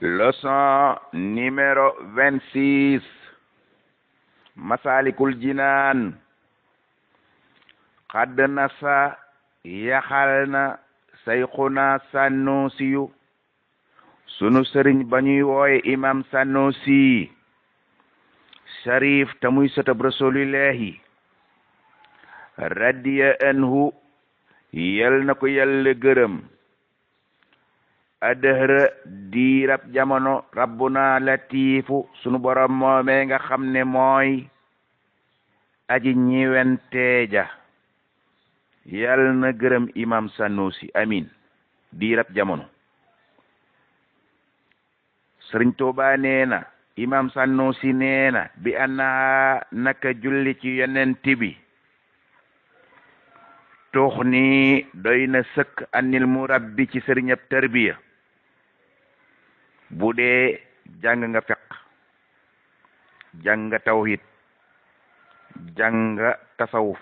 leçon numéro vingt-six masalikul jinaan xadd sa yaxal na sayxuna sannusiyu sunu sëriñ ba ñuy wooye imam sannusi sharif te muy sëtab rasulillahi radiya anhu yal na ko yàlla gërëm adëhra diirab jamono rabbuna latiifu sunu borom moomee nga xam ne mooy aji ñiwenteeja yal na gërëm imam sanusi amin diirab jamono sëriñ tuuba neena imam sanusi neena bi annaha naka julli ci yonent bi tuux ni doy na sëkk anil murabbi ci sëriñab tarbiya bu dee jàng nga fiq jàng nga tawhid jàng nga tasawuf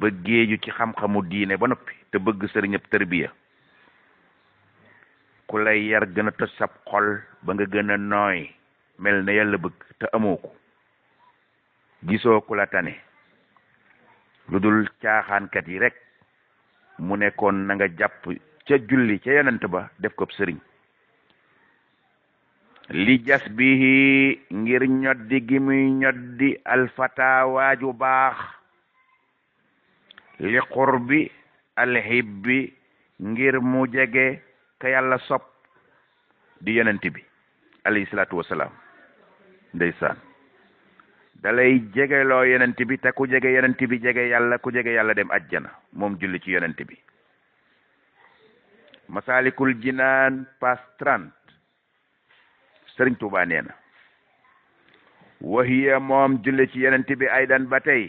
ba géeju ci xam-xamu diine ba noppi te bëgg sëriñëb tërbiya ku lay yar gën a toj sab xol ba nga gën a nooy mel na yàlla bëgg te amoo ko gisoo ku la tane lu dul caaxaankat yi rekk mu nekkoon na nga jàpp ca julli ca yonent ba def ko sëriñ li jas bihi ngir ñoddi gi muy ñoddi alfataawaaju baax li qurbi alhibbi ngir mu jege ka yàlla sopp di yonent bi alayhi salaatu wasalaam ndeysaan dalay jegeloo yonent bi te ku jege yonent bi jege yàlla ku jege yàlla dem ajjana moom julli ci yenent bi masaalikul jinaan pas trente sëriñ Tuubaa nee moom julli ci yenent bi aydan ba tey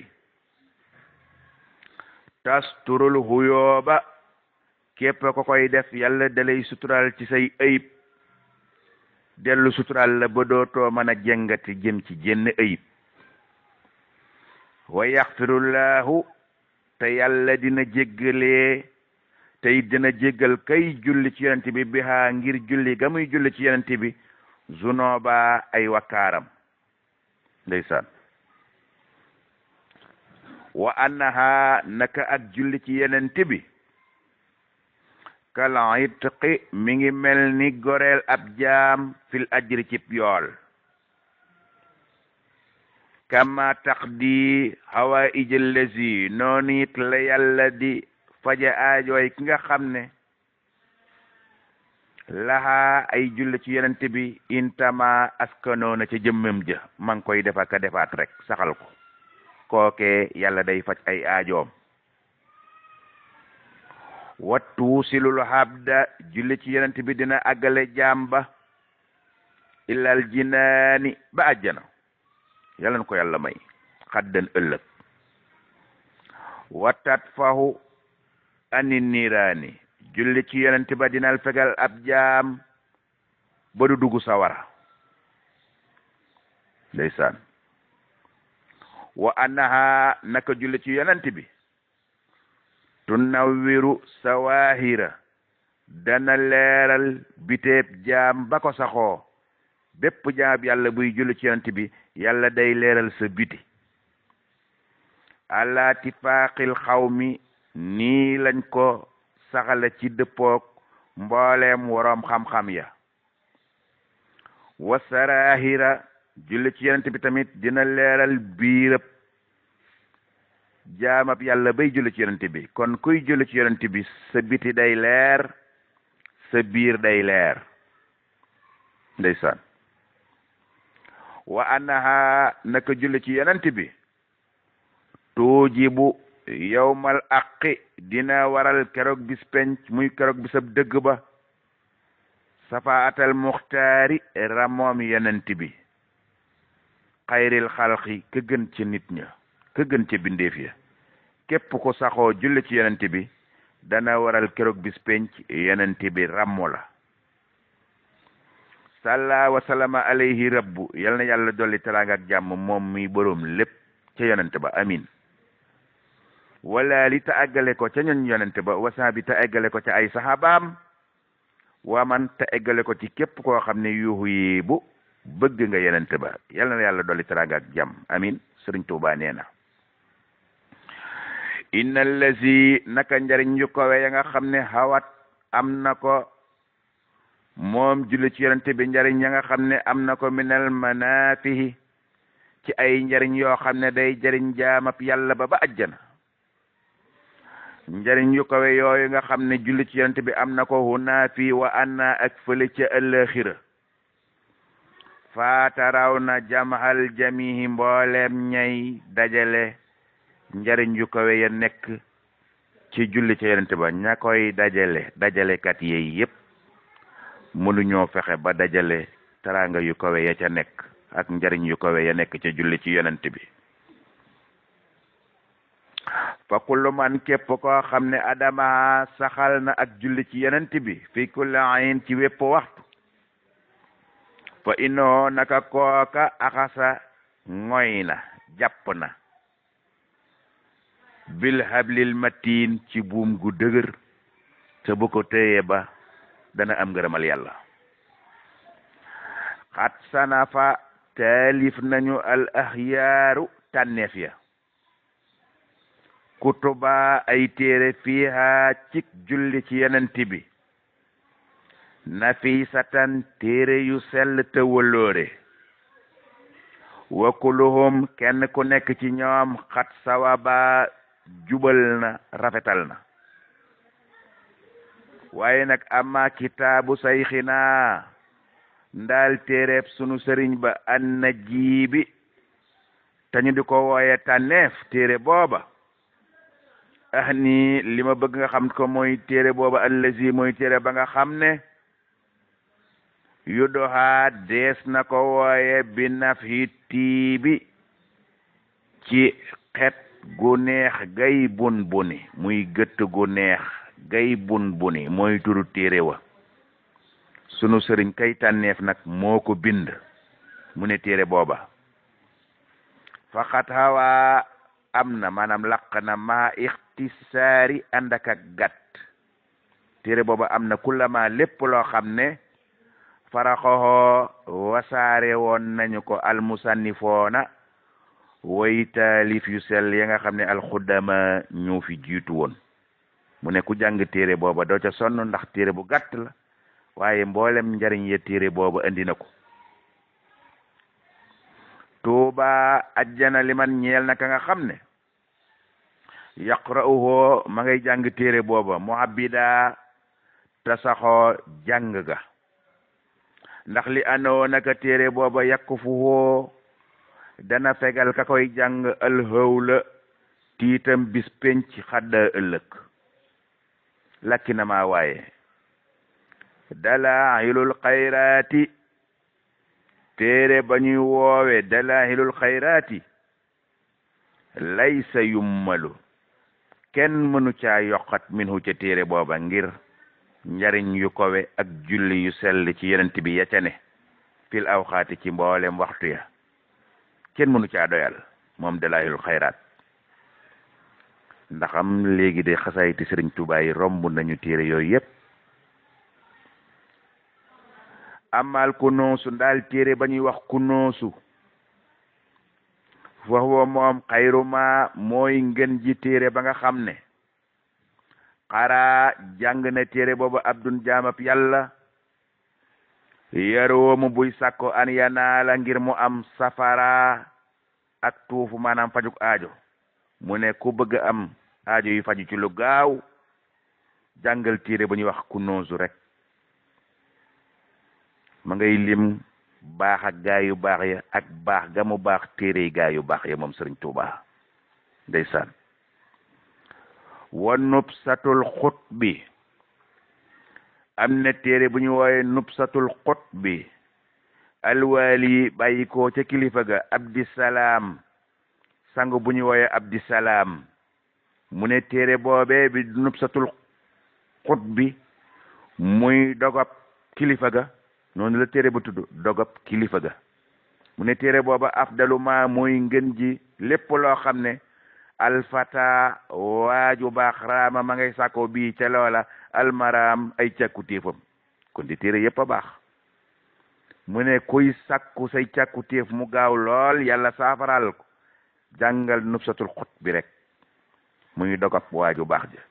tasturul huyooba képp ko koy def yàlla dalay sutural ci say ayib dellu sutural la ba dootoo mën a jëngati jëm ci jenn ayib wa yaxfirullahu te yàlla dina jéggalee tey dina jéggal kay julli ci yenent bi bihaa ngir julli ga muy julli ci yenent bi zunooba ay wakkaaram ndeysaan wa annaha naka ak julli ci yenente bi kala itqi mi ngi mel ni goreel ab jaam fil ajri cib yool kama di hawa ijëllesi noonu it la yàlla di faja aajooy ki nga xam ne laxaa ay julle ci yonent bi intama askanoona ci jëmmam ja ma ngi koy defa ka defaat rek saxal ko kookee yàlla day faj ay aajoom wattu silul habda julli ci yonent bi dina àggale jaam ba ilal jinaani ba àjjana yàlla ko yàlla may xaddan ëllëg wattat fahu ani niiraani julli ci yonent ba dinal fegal ab jaam ba du dugg sawara ndeysaan wa annaha naka julli ci yonent bi tunawwiru sawahira dana leeral biteeb jaam ba ko saxoo bépp jaam yàlla buy julli ci yonent bi yàlla day leeral sa biti ala tifaaqil xawmi nii lañ ko saxala ci dëppoog mbooleem woroom xam-xam ya wasaraahira julli ci yonent bi tamit dina leeral biirëb jaamab yàlla bay julli ci yonent bi kon kuy julli ci yonent bi sa biti day leer sa biir day leer ndeysaan wa annaha naka julli ci yonent bi tuujibu yowmal aqi dina waral keroog bis muy keroog bisab dëgg ba safaatal muxtaari ramoom yenent bi xayril xalqi ka gën ci nit ña ka gën ci bindeef ya képp ko saxoo julli ci yenent bi dana waral keroog bis penc yenent bi ràmmo la salla wa salama rabbu yal na yàlla dolli teraanga ak jàmm moom mi boroom lépp ci yonent ba amin wala li ta eggale ko ca ñoñ yonente ba wasaabi ta eggale ko ca ay saxaabaam waa man ta eggale ko ci képp koo xam ne yuuxu yi bu bëgg nga yonente ba yal yàlla dolli teraanga ak jàmm amin sëriñ Tuubaa nee na inna lazi naka njariñ yu kowe nga xam ne xawat am na ko moom julli ci yonente bi njariñ ya nga xam ne am na ko minal manaafihi ci ay njariñ yoo xam ne day jariñ jaamab yàlla ba ba ajjana njariñ yu kawe yooyu nga xam ne julli ci yonent bi am na ko huna fii wa anna ak fële ca ëllëxira faataraw na jamhal jamihi mbooleem ñay dajale njariñ yu kawe ya nekk ci julli ci yonent ba ña koy dajale dajalekat yeey yépp mënuñoo fexe ba dajale teraanga yu kawe ya ca nekk ak njariñ yu kawe ya nekk ci julli ci yonent bi fa kullu képp koo xam ne adama saxal na ak julli ci yenent bi fi kulli ayn ci wépp waxtu fa inoo naka kooka axasa ngoy na jàpp na bil hablil matin ci buum gu dëgër te bu ko téyee ba dana am ngërëmal yàlla xat sanafa taalif nañu al axyaaru tànneef ya kutuba ay téere fiiha cik julli ci yonent bi nafisatan téere yu sell te wëlloore wakuluhum kenn ku nekk ci ñoom xat sawaba jubal na rafetal na waye nag ama kitaabu sayxinaa ndaal téere sunu sëriñ ba an na jiibi te di ko wooye tànneef téere booba ah nii li ma bëgg nga xam ko mooy téere booba allazi mooy téere ba nga xam ne yu doxaa dees na ko wooye bi naf yi tiibi ci xet gu neex gay bun buni muy gëtt gu neex gay bun buni mooy turu téere wa sunu sëriñ kay tànneef nag moo ko bind mu ne téere booba faxat xawaa am na maanaam laq na maa ixt ixtisaari ànd ak gat gàtt téere booba am na kullama lépp loo xam ne faraxoxoo wasaare woon nañu ko almusannifoona woy taalif yu sell ya nga xam ne alxudama ñoo fi jiitu woon mu ne ku jàng téere booba doo ca ndax téere bu gàtt la waaye mboolem njariñ ye téere booba andi na ko tuuba ajjana liman ñeel na xam ne yaqra'uhu ma ngay jàng téere booba mu abida ta saxoo jàng ga ndax li anoo naka téere booba yakkufuhu dana fegal ka koy jàng alxawla tiitam bis penc xadda ëllëg lakki na ma waaye dalailul xayraati téere ba ñuy woowe dalailul xayraati laysa yummalu kenn mënu caa yokkat minhu ca téere booba ngir njariñ yu kowe ak julli yu sell ci yonent bi ya ca ne fil ci mboolem waxtu ya kenn mënu caa doyal moom dalaayul xayraat ndaxam léegi de xasaayiti sëriñ Tuubaa romb nañu téere yooyu yépp amaal kunoosu ndaal téere ba ñuy wax kunoosu fa huwa moom xayruma mooy ngën ji téere ba nga xam ne xara jàng na téere boobu abdun jaamab yàlla yaroomu buy sako an yanaala ngir mu am safara ak tuufu maanaam fajuk aajo mu ne ku bëgg am aajo yu faju ci lu gaaw jàngal téere ba ñuy wax ku noosu rek ma ngay lim baax ak gaa yu baax ya ak baax ga mu baax téere gaa yu baax ya moom sëriñ Tuuba ndeysaan wa nubsatul xut bi am na téere bu ñu wooye nubsatul xut bi alwaali yi bàyyikoo ca kilifa ga abdi salaam sang bu ñu wooye abdi salaam mu ne téere boobe bi nubsatul xut bi muy dogab kilifa ga noonu la téere bu tudd dogab kilifa ga mu ne téere booba afdalu ma mooy ngën ji lépp loo xam ne alfata waaju baax raama ma ngay sàkko bii ca loola almaraam ay càkkutéefam kon di téere yépp a baax mu ne kuy sàkku say càkkutéef mu gaaw lool yàlla saafaral ko jàngal nubsatul xut bi rek muy dogab waaju baax ja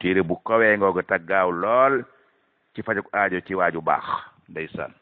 téere bu kawee ngooga te gaaw lool ci fajuk aajo ci waaju baax ndeysaan